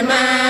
الماء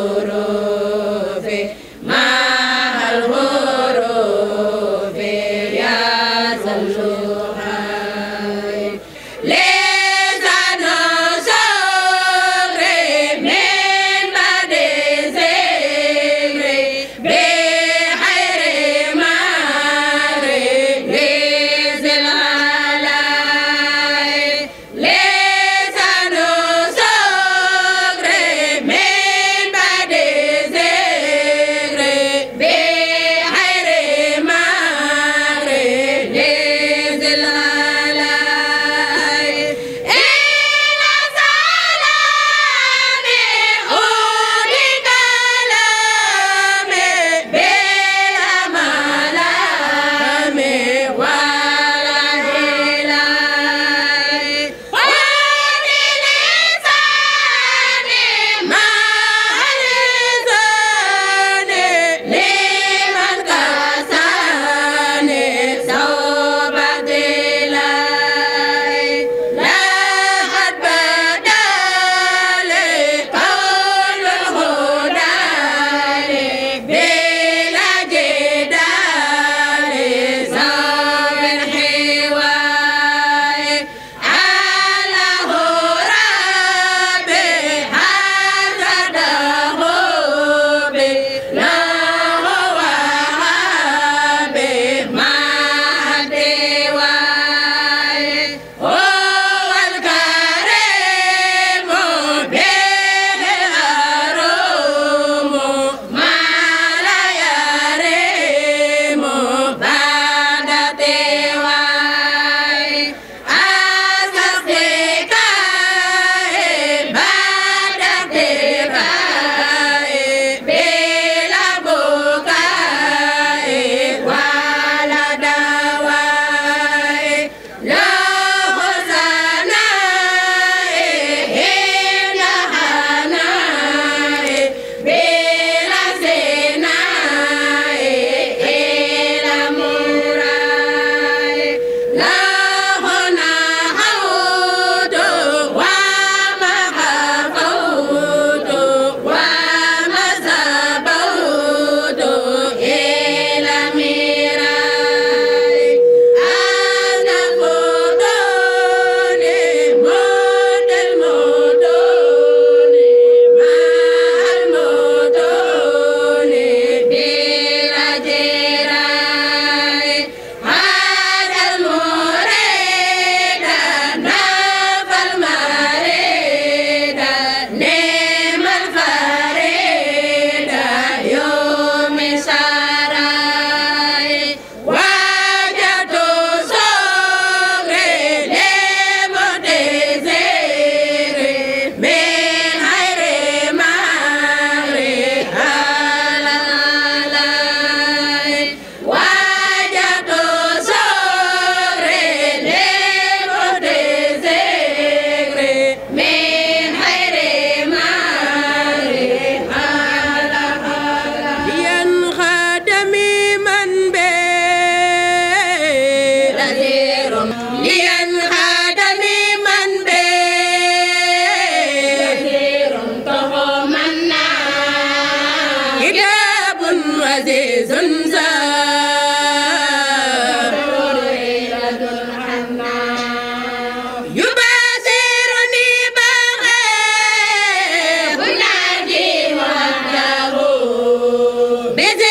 Baiser